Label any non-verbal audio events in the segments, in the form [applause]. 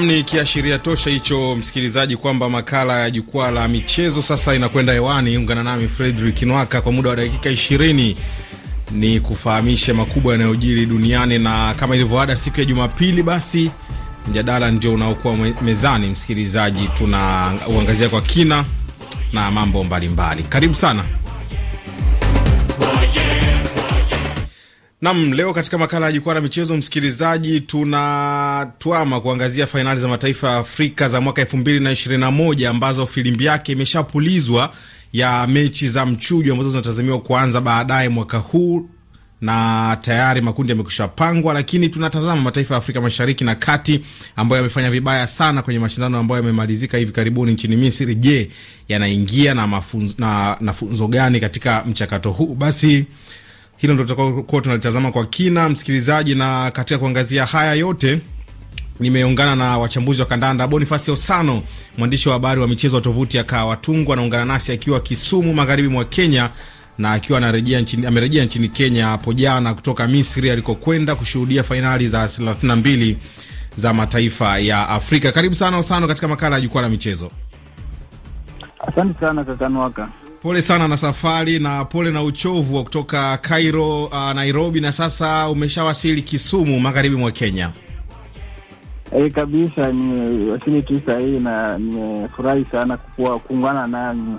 Nam ni kiashiria tosha hicho, msikilizaji, kwamba makala ya jukwaa la michezo sasa inakwenda hewani. Ungana nami Fredrik Nwaka kwa muda wa dakika ishirini ni kufahamisha makubwa yanayojiri duniani, na kama ilivyoada siku ya Jumapili, basi mjadala ndio unaokuwa mezani. Msikilizaji, tunauangazia kwa kina na mambo mbalimbali mbali. Karibu sana. Nam, leo katika makala ya jukwaa la michezo, msikilizaji, tunatwama kuangazia fainali za mataifa ya Afrika za mwaka elfu mbili na ishirini na moja ambazo filimbi yake imeshapulizwa ya mechi za mchujo ambazo zinatazamiwa kuanza baadaye mwaka huu na tayari makundi yamekusha pangwa, lakini tunatazama mataifa ya Afrika Mashariki na Kati ambayo yamefanya vibaya sana kwenye mashindano ambayo yamemalizika hivi karibuni nchini Misri. Je, yanaingia na mafunzo, na, na funzo gani katika mchakato huu? Basi hilo ndo tutakuwa tunalitazama kwa kina, msikilizaji, na katika kuangazia haya yote nimeungana na wachambuzi wa kandanda Bonifasi Osano, mwandishi wa habari wa michezo wa tovuti ya Kawatungwa, anaungana nasi akiwa Kisumu, magharibi mwa Kenya, na akiwa anarejea nchini, amerejea nchini Kenya hapo jana kutoka Misri alikokwenda kushuhudia fainali za 32 za mataifa ya Afrika. Karibu sana Osano katika makala ya jukwaa la michezo. Asante sana Kakanwaka. Pole sana na safari na pole na uchovu wa kutoka Cairo, uh, Nairobi, na sasa umeshawasili Kisumu, magharibi mwa Kenya. Hey, eh, kabisa, ni wasili tu sahii na nimefurahi sana kuungana nanyi.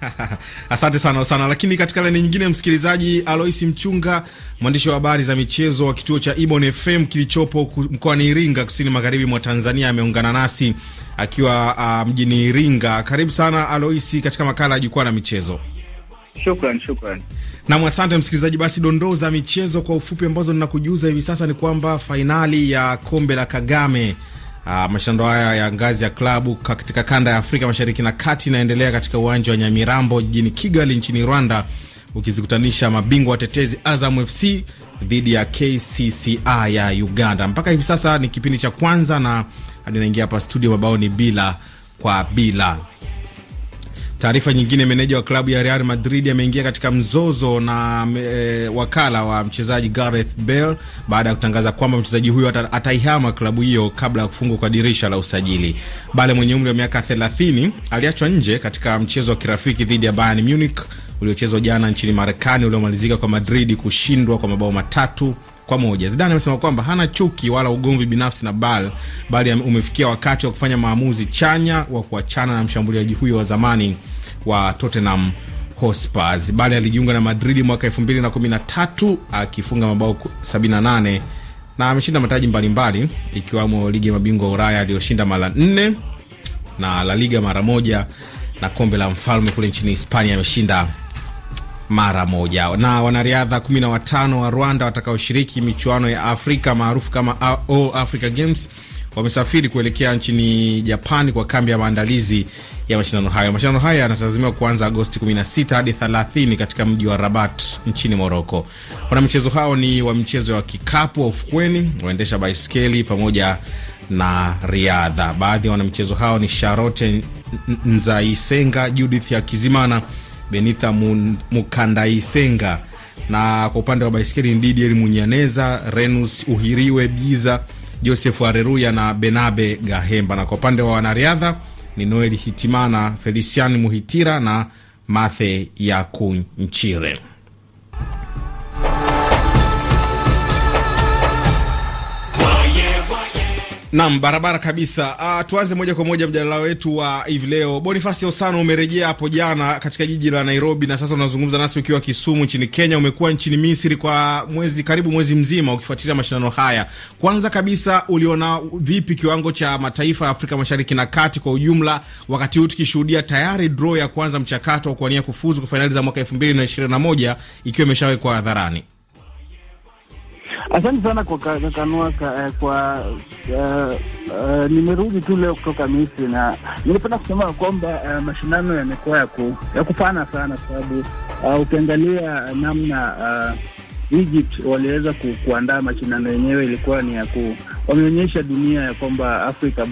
[laughs] Asante sana sana. Lakini katika laini nyingine, msikilizaji Alois Mchunga, mwandishi wa habari za michezo wa kituo cha Ibon FM kilichopo mkoani Iringa, kusini magharibi mwa Tanzania, ameungana nasi akiwa uh, mjini Iringa. Karibu sana Alois katika makala ya jukwaa la michezo. Shukran, shukran nam. Asante msikilizaji. Basi dondoo za michezo kwa ufupi ambazo ninakujuza hivi sasa ni kwamba fainali ya kombe la Kagame Uh, mashindano haya ya ngazi ya klabu katika kanda ya Afrika Mashariki na Kati inaendelea katika uwanja wa Nyamirambo jijini Kigali nchini Rwanda, ukizikutanisha mabingwa watetezi Azam FC dhidi ya KCCA ya Uganda. Mpaka hivi sasa ni kipindi cha kwanza na hadi naingia hapa studio, mabao ni bila kwa bila. Taarifa nyingine, meneja wa klabu ya Real Madrid ameingia katika mzozo na e, wakala wa mchezaji Gareth Bale baada ya kutangaza kwamba mchezaji huyo ataihama klabu hiyo kabla ya kufungwa kwa dirisha la usajili. Bale mwenye umri wa miaka 30 aliachwa nje katika mchezo wa kirafiki dhidi ya Bayern Munich uliochezwa jana nchini Marekani uliomalizika kwa Madrid kushindwa kwa mabao matatu kwa moja. Zidane amesema kwamba hana chuki wala ugomvi binafsi na Bal, bali umefikia wakati wa kufanya maamuzi chanya wa kuachana na mshambuliaji huyo wa zamani wa Tottenham Hotspur. Bale alijiunga na Madrid mwaka 2013 akifunga mabao 78 na ameshinda mataji mbalimbali ikiwamo ligi ya mabingwa Ulaya aliyoshinda mara nne na La Liga mara moja na kombe la mfalme kule nchini Hispania ameshinda mara moja. Na wanariadha 15 wa Rwanda watakaoshiriki michuano ya Afrika maarufu kama All Africa Games wamesafiri kuelekea nchini Japani kwa kambi ya maandalizi ya mashindano hayo. Mashindano haya yanatazamiwa kuanza Agosti 16 hadi 30 katika mji wa Rabat nchini Moroko. Wanamichezo hao ni wa michezo ya kikapu wa ufukweni, waendesha baiskeli pamoja na riadha. Baadhi ya wanamichezo hao ni Charlotte Nzaisenga, Judith Yakizimana Benitha Mukandaisenga, na kwa upande wa baiskeli ni Didier Munyaneza, Renus Uhiriwe Biza, Joseph Areruya na Benabe Gahemba, na kwa upande wa wanariadha ni Noel Hitimana, Felician Muhitira na Mathe Yakunchire. Nam barabara kabisa. Uh, tuanze moja kwa moja mjadala wetu wa hivi leo. Bonifasi Osano, umerejea hapo jana katika jiji la Nairobi na sasa unazungumza nasi ukiwa Kisumu nchini Kenya. Umekuwa nchini Misri kwa mwezi karibu mwezi mzima ukifuatilia mashindano haya. Kwanza kabisa, uliona vipi kiwango cha mataifa ya Afrika Mashariki na Kati kwa ujumla, wakati huu tukishuhudia tayari draw ya kwanza mchakato wa kuwania kufuzu kwa fainali za mwaka elfu mbili na ishirini na moja ikiwa imeshawekwa hadharani? Asante sana kwa kukanua eh, kwa, kwa uh, eh, uh, eh, nimerudi tu leo kutoka Misri na ningependa kusema kwamba uh, mashindano yamekuwa ya, ya kufana sana kwa sababu uh, ukiangalia namna uh, Egypt waliweza ku, kuandaa mashindano yenyewe, ilikuwa ni ya ku, wameonyesha dunia ya kwamba Afrika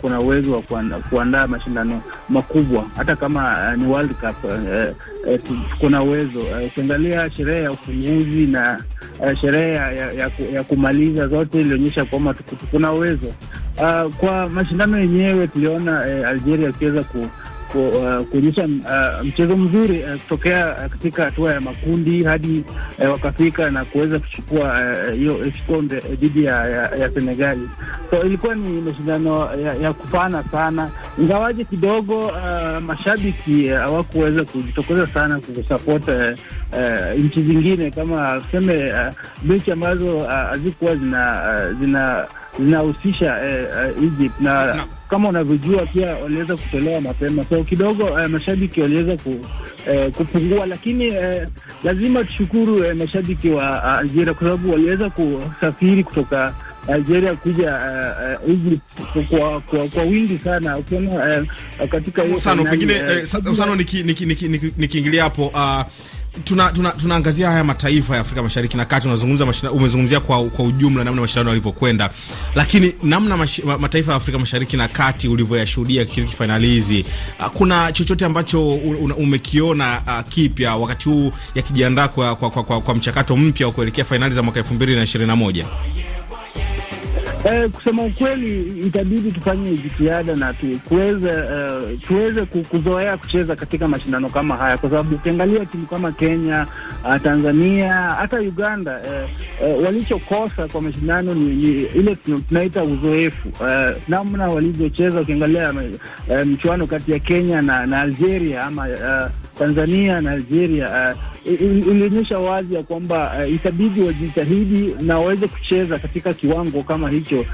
kuna uwezo wa kuandaa, kuandaa mashindano makubwa hata kama uh, ni World Cup uh, eh, uh, eh, kuna uwezo ukiangalia uh, sherehe ya ufunguzi na uh, sherehe ya, ya, ya kumaliza zote ilionyesha kwamba kuna uwezo uh, kwa mashindano yenyewe tuliona uh, Algeria wakiweza ku Uh, kuonyesha uh, mchezo mzuri uh, kutokea uh, katika hatua ya makundi hadi uh, wakafika na kuweza kuchukua uh, hiyo uh, uh, dhidi ya, ya, ya Senegali. So ilikuwa ni mashindano ya, ya kufana sana, ingawaje kidogo uh, mashabiki hawakuweza uh, kujitokeza sana kusapot uh, uh, nchi zingine kama tuseme uh, mechi ambazo hazikuwa uh, zina uh, zina zinahusisha uh, Egypt na no kama unavyojua pia waliweza kutolewa mapema, so kidogo eh, mashabiki waliweza ku, eh, kupungua, lakini eh, lazima tushukuru eh, mashabiki wa eh, Algeria kwa sababu waliweza kusafiri kutoka Algeria kuja uh, uh, kwa, kwa, kwa wingi sana ukiona uh, katika hiyo pengine uh, eh, nikiingilia niki, niki, niki, niki hapo uh, tunaangazia tuna, tuna haya mataifa ya Afrika Mashariki na Kati, unazungumza umezungumzia kwa, kwa ujumla namna mashindano yalivyokwenda, lakini namna mash, mataifa ya Afrika Mashariki na Kati ulivyoyashuhudia kishiriki fainali hizi, ah, kuna chochote ambacho umekiona uh, kipya wakati huu yakijiandaa kwa, kwa, kwa, kwa, kwa mchakato mpya wa kuelekea fainali za mwaka 2021? Eh, kusema ukweli itabidi tufanye jitihada na tuweze uh, tuweze kuzoea kucheza katika mashindano kama haya, kwa sababu ukiangalia timu kama Kenya, uh, Tanzania hata Uganda uh, uh, walichokosa kwa mashindano ni, ni ile tunaita uzoefu uh, namna walivyocheza. Ukiangalia uh, mchuano kati ya Kenya na, na Algeria ama uh, Tanzania na Algeria uh, ilionyesha wazi ya kwamba uh, itabidi wajitahidi na waweze kucheza katika kiwango kama hicho uh,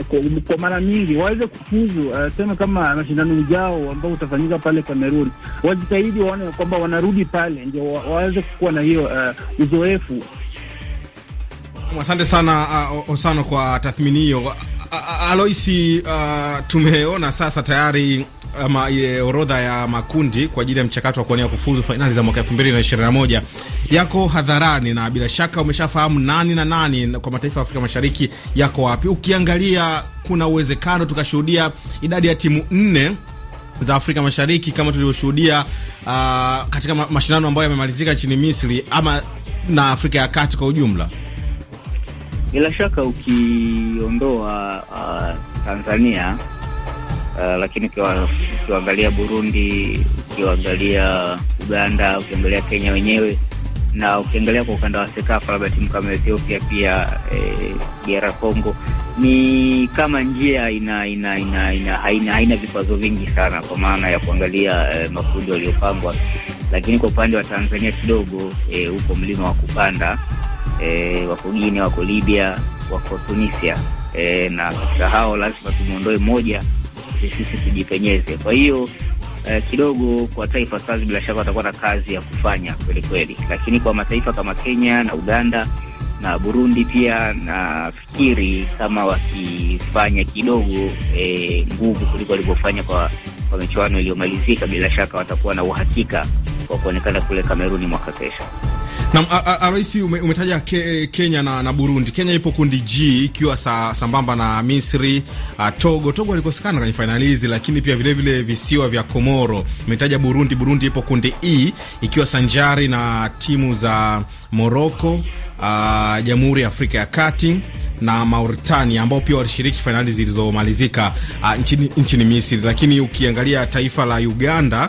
uh, kwa, kwa mara nyingi waweze kufuzu uh, sema kama mashindano ujao ambao utafanyika pale Kamerun, wajitahidi waone kwamba wanarudi pale ndio waweze kuwa na hiyo uh, uzoefu. Asante sana uh, Osano kwa tathmini hiyo. Aloisi, uh, tumeona sasa tayari ama ile orodha ya makundi kwa ajili ya mchakato wa kuania kufuzu fainali za mwaka 2021 yako hadharani, na bila shaka umeshafahamu nani na nani kwa mataifa ya Afrika Mashariki yako wapi. Ukiangalia, kuna uwezekano tukashuhudia idadi ya timu nne za Afrika Mashariki kama tulivyoshuhudia uh, katika mashindano ambayo yamemalizika nchini Misri ama na Afrika ya Kati kwa ujumla. Bila shaka ukiondoa uh, Tanzania Uh, lakini ukiwaangalia Burundi, ukiwaangalia Uganda, ukiangalia Kenya wenyewe na ukiangalia kwa ukanda wa SEKAFA labda timu kama Ethiopia pia DR eh, Congo ni kama njia ina ina ina, ina haina, haina vikwazo vingi sana kwa maana ya kuangalia eh, makundi waliopangwa, lakini kwa upande wa Tanzania kidogo eh, upo mlima wa kupanda eh, wako Guinea, wako Libya, wako Tunisia eh, na katika hao lazima tumwondoe moja basi sisi tujipenyeze. Kwa hiyo eh, kidogo kwa Taifa Stars bila shaka watakuwa na kazi ya kufanya kweli kweli, lakini kwa mataifa kama Kenya na Uganda na Burundi pia nafikiri kama wakifanya kidogo eh, nguvu kuliko walivyofanya kwa, kwa michuano iliyomalizika, bila shaka watakuwa na uhakika wa kuonekana kule Kameruni mwaka kesho. Na rais umetaja ke, Kenya na, na Burundi. Kenya ipo kundi G ikiwa sa, sambamba na Misri a, Togo. Togo alikosekana kwenye fainali hizi, lakini pia vilevile vile visiwa vya Komoro. Umetaja Burundi. Burundi ipo kundi E ikiwa sanjari na timu za moroko Jamhuri ya Afrika ya Kati na Mauritania ambao pia walishiriki fainali zilizomalizika nchini, nchini Misri. Lakini ukiangalia taifa la Uganda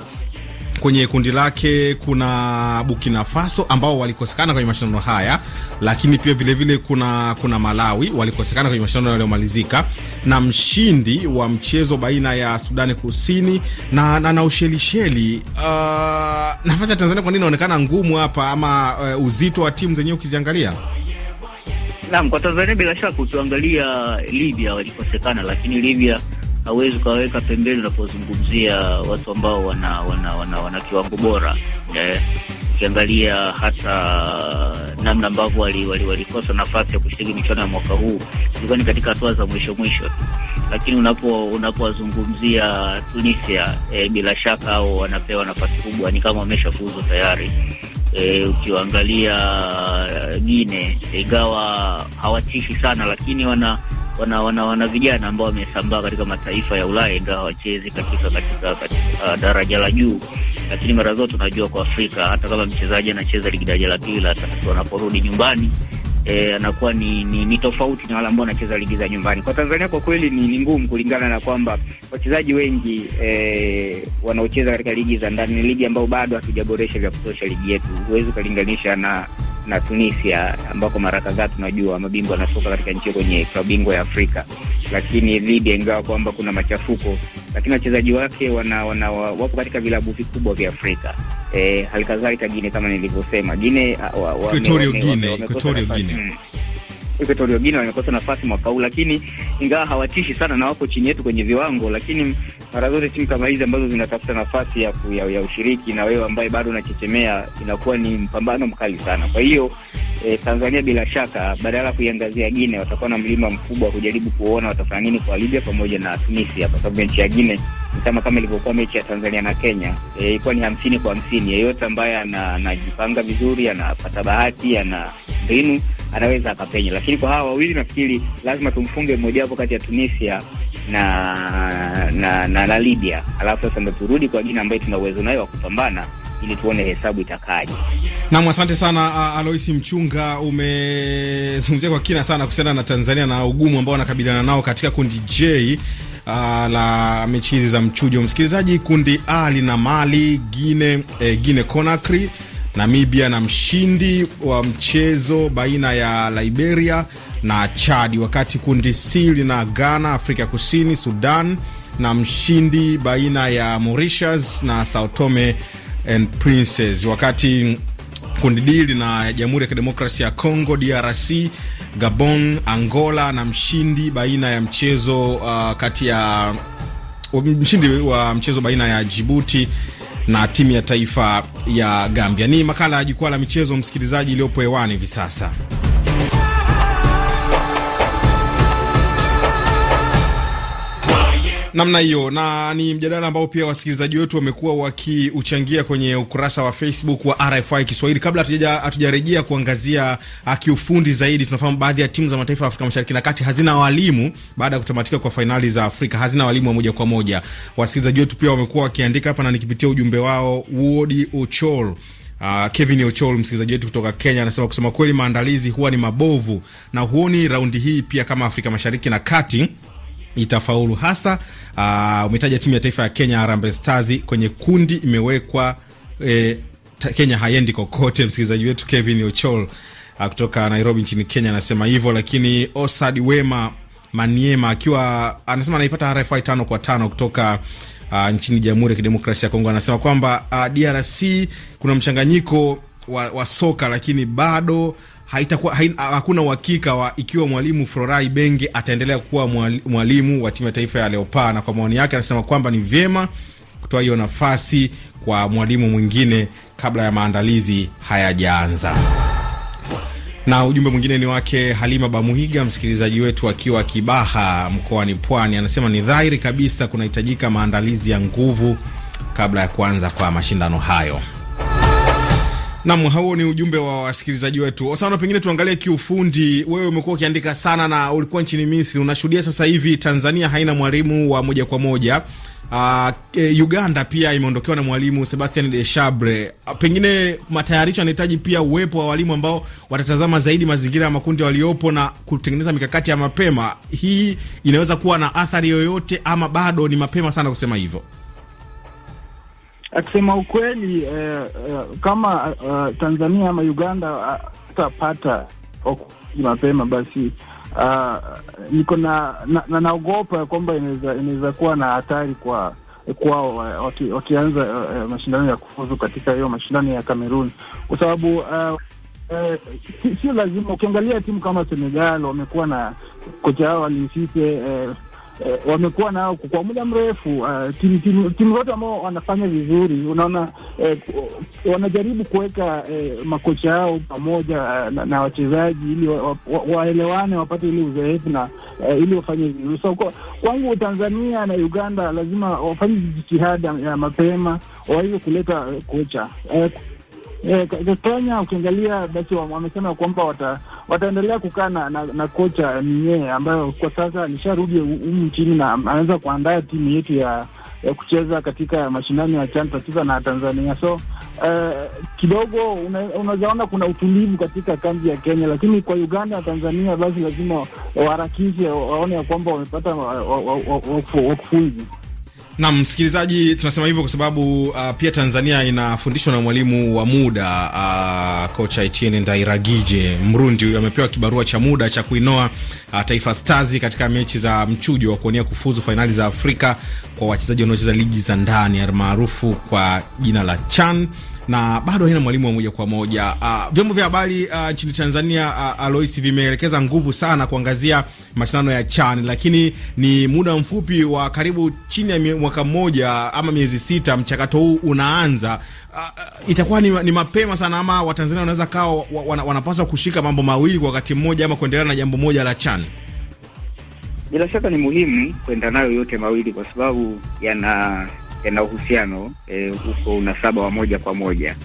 Kwenye kundi lake kuna Burkina Faso ambao walikosekana kwenye mashindano haya, lakini pia vilevile vile kuna, kuna Malawi walikosekana kwenye mashindano yaliyomalizika, na mshindi wa mchezo baina ya Sudani Kusini na, na, na Ushelisheli. Uh, nafasi ya Tanzania kwa nini inaonekana ngumu hapa ama uh, uzito wa timu zenyewe ukiziangalia? Naam, kwa Tanzania bila shaka, ukiangalia Libya walikosekana, lakini Libya hawezi ukaweka pembeni unapozungumzia watu ambao wana, wana, wana, wana kiwango bora eh. Ukiangalia hata namna ambavyo walikosa wali, wali nafasi ya kushiriki michuano ya mwaka huu ilikuwa ni katika hatua za mwisho mwisho, lakini unapowazungumzia unapo Tunisia eh, bila shaka au wanapewa nafasi kubwa, ni kama wameshafuzu tayari. E, ukiwaangalia eh, Gine eh, ingawa hawatishi sana, lakini wana wana wana, wana vijana ambao wamesambaa katika mataifa ya Ulaya, ingawa hawachezi katika katika, katika uh, daraja la juu, lakini mara zote unajua kwa Afrika hata kama mchezaji anacheza ligi daraja la pili hata anaporudi nyumbani E, anakuwa ni, ni, ni tofauti na wale ambao wanacheza ligi za nyumbani. Kwa Tanzania kwa kweli ni ngumu kulingana na kwamba wachezaji wengi e, wanaocheza katika ligi za ndani ni ligi ambao bado hatujaboresha vya kutosha ligi yetu. Huwezi ukalinganisha na na Tunisia ambako mara kadhaa tunajua mabingwa wanatoka katika nchi kwenye klabu bingwa ya Afrika, lakini Libya, ingawa kwamba kuna machafuko, lakini wachezaji wake wana, wana, wapo katika vilabu vikubwa vya Afrika. E, halikadhalika Gine kama nilivyosema, Gine ah, wa, wa, Equatorial Guinea wamekosa nafasi mwaka huu, lakini ingawa hawatishi sana na wako chini yetu kwenye viwango, lakini mara zote timu kama hizi ambazo zinatafuta nafasi ya, ya, ya ushiriki na wewe ambaye bado unachechemea, inakuwa ni mpambano mkali sana. Kwa hiyo eh, Tanzania bila shaka badala ya kuiangazia Guinea watakuwa na mlima mkubwa wa kujaribu kuona watafanya nini kwa Libya pamoja na Tunisia, kwa sababu nchi ya Guinea kama kama ilivyokuwa mechi ya Tanzania na Kenya eh, ilikuwa e, ni hamsini kwa hamsini. Yeyote ambaye anajipanga vizuri, anapata bahati, ana mbinu anaweza akapenya, lakini kwa hawa wawili nafikiri lazima tumfunge mmojawapo kati ya Tunisia na na, na, na Libya, alafu sasa ndo turudi kwa jina ambayo tuna uwezo nayo wa kupambana ili tuone hesabu itakaje. Naam, asante sana alois Mchunga, umezungumzia kwa kina sana kuhusiana na Tanzania na ugumu ambao wanakabiliana nao katika kundi J la mechi hizi za mchujo. Msikilizaji, kundi A lina Mali, Gine, eh, Gine Conakry Namibia na mshindi wa mchezo baina ya Liberia na Chadi, wakati kundi C lina Ghana, Afrika Kusini, Sudan na mshindi baina ya Mauritius na Sao Tome and wakati kundi D lina Jamhuri ya Kidemokrasia ya congo DRC, Gabon, Angola na mshindi baina ya mchezo uh, kati ya mshindi wa mchezo baina ya Jibuti na timu ya taifa ya Gambia. Ni makala ya jukwaa la michezo, msikilizaji, iliyopo hewani hivi sasa. namna hiyo, na ni mjadala ambao pia wasikilizaji wetu wamekuwa wakiuchangia kwenye ukurasa wa Facebook wa RFI Kiswahili. Kabla hatujarejea kuangazia ah, kiufundi zaidi, tunafahamu baadhi ya timu za mataifa ya Afrika Mashariki na Kati hazina walimu baada ya kutamatika kwa fainali za Afrika, hazina walimu wa moja kwa moja. Wasikilizaji wetu pia wamekuwa wakiandika hapa, na nikipitia ujumbe wao, Wodi Ochol Uh, Kevin Ochol msikilizaji wetu kutoka Kenya anasema kusema kweli, maandalizi huwa ni mabovu na huoni raundi hii pia kama Afrika Mashariki na Kati itafaulu hasa. Uh, umetaja timu ya taifa ya Kenya Harambee Stars kwenye kundi imewekwa eh, Kenya haiendi kokote. Msikilizaji wetu Kevin Ochol uh, ah, kutoka Nairobi nchini Kenya anasema hivyo, lakini Osad Wema Maniema akiwa anasema anaipata RFI tano kwa tano kutoka uh, nchini Jamhuri ya Kidemokrasia ya Kongo anasema kwamba uh, DRC kuna mchanganyiko wa, wa soka lakini bado hakuna uhakika wa ikiwa mwalimu Florai Benge ataendelea kuwa mwalimu wa timu ya taifa ya Leopard, na kwa maoni yake anasema kwamba ni vyema kutoa hiyo nafasi kwa mwalimu mwingine kabla ya maandalizi hayajaanza. Na ujumbe mwingine ni wake Halima Bamuhiga, msikilizaji wetu akiwa Kibaha mkoani Pwani, anasema ni dhahiri kabisa kunahitajika maandalizi ya nguvu kabla ya kuanza kwa mashindano hayo. Nam, huo ni ujumbe wa wasikilizaji wetu. Osano, pengine tuangalie kiufundi. Wewe umekuwa ukiandika sana na ulikuwa nchini Misri, unashuhudia sasa hivi Tanzania haina mwalimu wa moja kwa moja. Uh, Uganda pia imeondokewa na mwalimu Sebastian Deshabre. Ah, pengine matayarisho yanahitaji pia uwepo wa walimu ambao watatazama zaidi mazingira ya makundi waliopo na kutengeneza mikakati ya mapema. Hii inaweza kuwa na athari yoyote ama bado ni mapema sana kusema hivyo? Akisema ukweli uh, uh, kama uh, Tanzania ama Uganda uh, mapema basi Uh, niko na na naogopa na kwamba inaweza kuwa na hatari kwa kwao wakianza uh, mashindano ya kufuzu katika hiyo mashindano ya kamerun kwa sababu uh, ah, uh, sio lazima. Ukiangalia timu kama Senegal wamekuwa na kocha wao Alinsise uh, eh, wamekuwa nao kwa muda mrefu uh, timu tim, tim zote ambao wanafanya vizuri, unaona eh, wanajaribu kuweka eh, makocha yao pamoja eh, na, na wachezaji ili waelewane wa, wa wapate ile uzoefu na eh, ili wafanye vizuri. So kwa, kwangu Tanzania na Uganda lazima wafanye jitihada ya mapema waweze kuleta kocha eh, eh, Kenya ukiangalia basi wamesema kwamba wata wataendelea kukaa na, na, na kocha ninye ambayo kwa sasa nisharudi humu nchini na anaweza kuandaa timu yetu ya ya kucheza katika mashindano ya CHAN tatiza na Tanzania. So uh, kidogo unaweza ona kuna utulivu katika kambi ya Kenya, lakini kwa Uganda na Tanzania basi lazima waharakishe waone ya kwamba wamepata wakufunzi wa, wa, wa, wa, wa, wa, wa, wa, wa, na msikilizaji, tunasema hivyo kwa sababu uh, pia Tanzania inafundishwa na mwalimu wa muda uh, kocha Etienne Ndairagije Mrundi. amepewa kibarua cha muda cha kuinoa uh, Taifa Stars katika mechi za mchujo wa kuonea kufuzu fainali za Afrika kwa wachezaji wanaocheza ligi za ndani almaarufu kwa jina la CHAN na bado haina mwalimu wa moja kwa moja. Uh, vyombo vya habari ah, nchini Tanzania uh, Alois vimeelekeza nguvu sana kuangazia mashindano ya CHAN, lakini ni muda mfupi wa karibu chini ya mwaka mmoja ama miezi sita mchakato huu unaanza. Uh, itakuwa ni, ni mapema sana ama Watanzania wanaweza kawa wana, wanapaswa kushika mambo mawili kwa wakati mmoja ama kuendelea na jambo moja la CHAN? Bila shaka ni muhimu kwenda nayo yote mawili kwa sababu yana eh, na uhusiano eh, uko unasaba wa moja kwa moja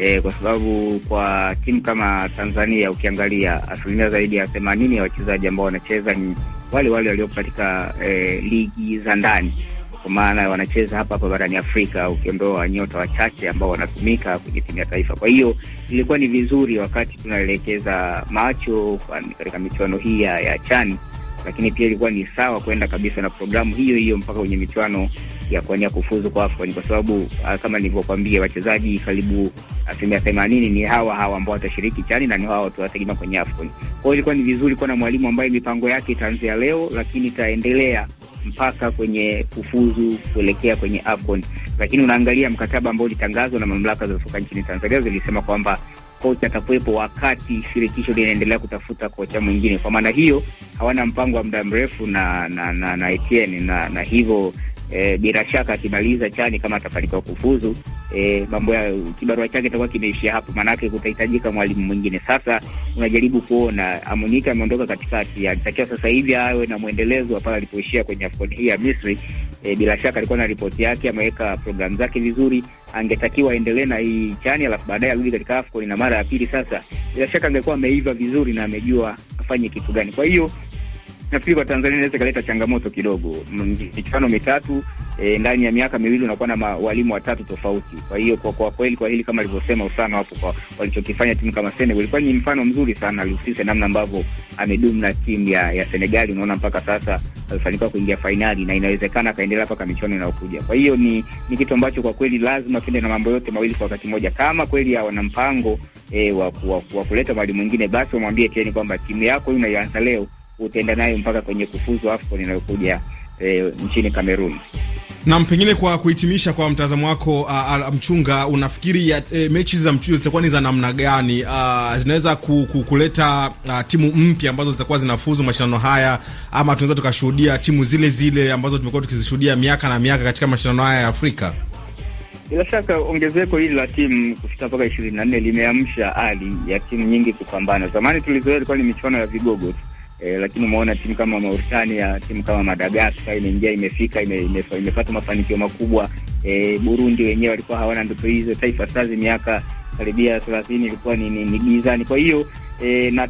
eh, kwa sababu kwa timu kama Tanzania ukiangalia asilimia zaidi ya themanini ya wachezaji ambao wanacheza ni wale wale waliopo katika eh, ligi za ndani kwa maana wanacheza hapa hapa barani Afrika, ukiondoa nyota wachache ambao wanatumika kwenye timu ya taifa. Kwa hiyo ilikuwa ni vizuri wakati tunaelekeza macho katika michuano hii ya, ya chani, lakini pia ilikuwa ni sawa kwenda kabisa na programu hiyo hiyo mpaka kwenye michuano ya kuania kufuzu kwa AFCON kwa sababu uh, kama nilivyokuambia, wachezaji karibu asilimia themanini ni hawa hawa ambao watashiriki chani na ni hawa tuwategemea kwenye AFCON. Kwa hiyo ilikuwa ni vizuri kuwa na mwalimu ambaye mipango yake itaanzia leo, lakini itaendelea mpaka kwenye kufuzu kuelekea kwenye AFCON. Lakini unaangalia mkataba ambao ulitangazwa na mamlaka za soka nchini Tanzania zilisema kwamba kocha atakuwepo wakati shirikisho linaendelea kutafuta kocha mwingine. Kwa maana hiyo hawana mpango wa muda mrefu na na na, na Etienne na, na hivyo E, bila shaka akimaliza chani kama atafanikiwa kufuzu e, mambo ya kibarua chake itakuwa kimeishia hapo, maanake kutahitajika mwalimu mwingine. Sasa unajaribu kuona Amunyika ameondoka katikati, alitakiwa sasa hivi awe na mwendelezo pale alipoishia kwenye AFCON hii ya Misri. E, bila shaka alikuwa na ripoti yake, ameweka programu zake vizuri, angetakiwa aendelee na hii chani, alafu baadaye arudi katika AFCON na mara ya pili. Sasa bila shaka angekuwa ameiva vizuri na amejua afanye kitu gani, kwa hiyo nafikiri kwa Tanzania inaweza ikaleta changamoto kidogo. Michuano mitatu e, ndani ya miaka miwili unakuwa na walimu watatu tofauti. Kwa hiyo kwa kwa kweli kwa hili kama alivyosema usana hapo, kwa walichokifanya timu kama Senegal ilikuwa ni mfano mzuri sana, alihusisha namna ambavyo amedumu na timu ya, ya Senegal. Unaona mpaka sasa alifanikiwa kuingia fainali na inawezekana akaendelea mpaka michuano inayokuja. Kwa hiyo ni, ni kitu ambacho kwa kweli lazima tuende na mambo yote mawili kwa wakati mmoja. Kama kweli wana mpango e, wa kuleta mwalimu mwingine, basi wamwambie teni kwamba timu yako unaianza leo utaenda nayo mpaka kwenye kufuzu AFCON inayokuja e, nchini Cameroon. Na pengine kwa kuhitimisha, kwa mtazamo wako uh, mchunga, unafikiri ya, uh, mechi za mchujo zitakuwa ni za namna gani? Uh, zinaweza ku, ku, kuleta uh, timu mpya ambazo zitakuwa zinafuzu mashindano haya, ama tunaweza tukashuhudia timu zile zile ambazo tumekuwa tukizishuhudia miaka na miaka katika mashindano haya ya Afrika? Bila shaka ongezeko hili la timu kufika mpaka ishirini na nne limeamsha hali ya timu nyingi kupambana. Zamani tulizoea ilikuwa ni michuano ya vigogo tu E, lakini umeona timu kama Mauritania, timu kama Madagascar imeingia imefika ime, ime, imepata mafanikio makubwa. E, Burundi wenyewe walikuwa hawana ndoto hizo. Taifa Stars miaka karibia thelathini ilikuwa ni, ni, ni gizani. Kwa hiyo e, na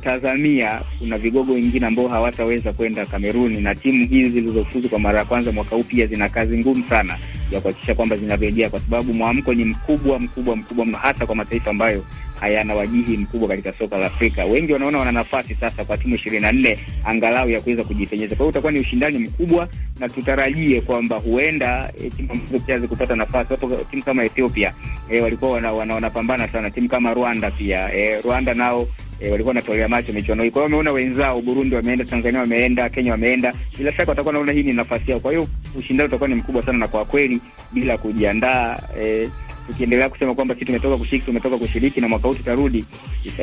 kuna vigogo wengine ambao hawataweza kwenda Kameruni, na timu hizi zilizofuzu kwa mara ya kwanza mwaka huu pia zina kazi ngumu sana ya kuhakikisha kwamba zinarejea, kwa sababu mwamko ni mkubwa mkubwa mkubwa mno, hasa kwa mataifa ambayo hayana wajihi mkubwa katika soka la Afrika. Wengi wanaona wana nafasi sasa kwa timu ishirini na nne angalau ya kuweza kujipenyeza. Kwa hiyo utakuwa ni ushindani mkubwa, na tutarajie kwamba huenda e, timu ambazo pia zikupata nafasi hapo, timu kama Ethiopia e, walikuwa wanapambana wana, wana sana, timu kama Rwanda pia e, Rwanda nao E, walikuwa wanatolea macho michuano hii. Kwa hiyo wameona wenzao Burundi wameenda, Tanzania wameenda, Kenya wameenda, bila shaka watakuwa naona hii ni nafasi yao. Kwa hiyo ushindani utakuwa ni mkubwa sana, na kwa kweli bila kujiandaa e, tukiendelea kusema kwamba si tumetoka kushiriki, tumetoka kushiriki na mwaka huu tutarudi,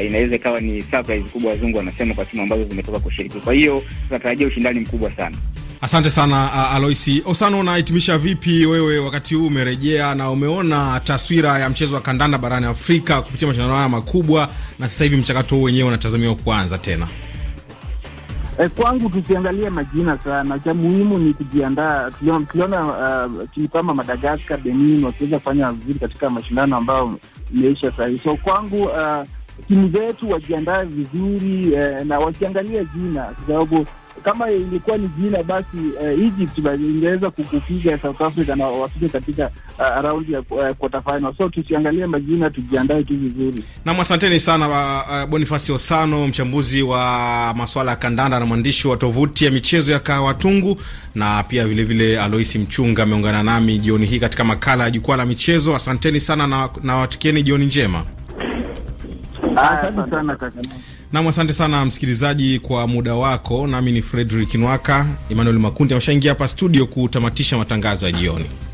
inaweza ikawa ni surprise kubwa, wazungu wanasema, kwa timu ambazo zimetoka kushiriki. Kwa hiyo tunatarajia ushindani mkubwa sana. Asante sana Aloisi Osano. Unahitimisha vipi wewe wakati huu umerejea na umeona taswira ya mchezo wa kandanda barani Afrika kupitia mashindano haya makubwa, na sasa hivi mchakato huu wenyewe unatazamiwa kuanza tena? Eh, kwangu tusiangalie majina sana, cha muhimu ni kujiandaa. Tuliona uh, tulipama Madagaskar, Benin wakiweza kufanya vizuri katika mashindano ambayo imeisha sahii So kwangu uh, timu zetu wajiandae vizuri eh, na wakiangalia jina kwa sababu kama ilikuwa ni jina basi uh, Egypt ingeweza kukupiga South Africa na wafike katika uh, eh, raundi ya uh, quarter final. So tusiangalie majina, tujiandae tu vizuri. Nam, asanteni sana wa, uh, Boniface Osano, mchambuzi wa masuala ya kandanda na mwandishi wa tovuti ya michezo ya Kawatungu, na pia vilevile vile Aloisi Mchunga ameungana nami jioni hii katika makala ya jukwaa la michezo. Asanteni sana na, na watikieni jioni njema. Asante sana kaka. Nam, asante sana msikilizaji kwa muda wako. Nami ni Fredrik Nwaka. Emmanuel Makundi ameshaingia hapa studio kutamatisha matangazo ya jioni.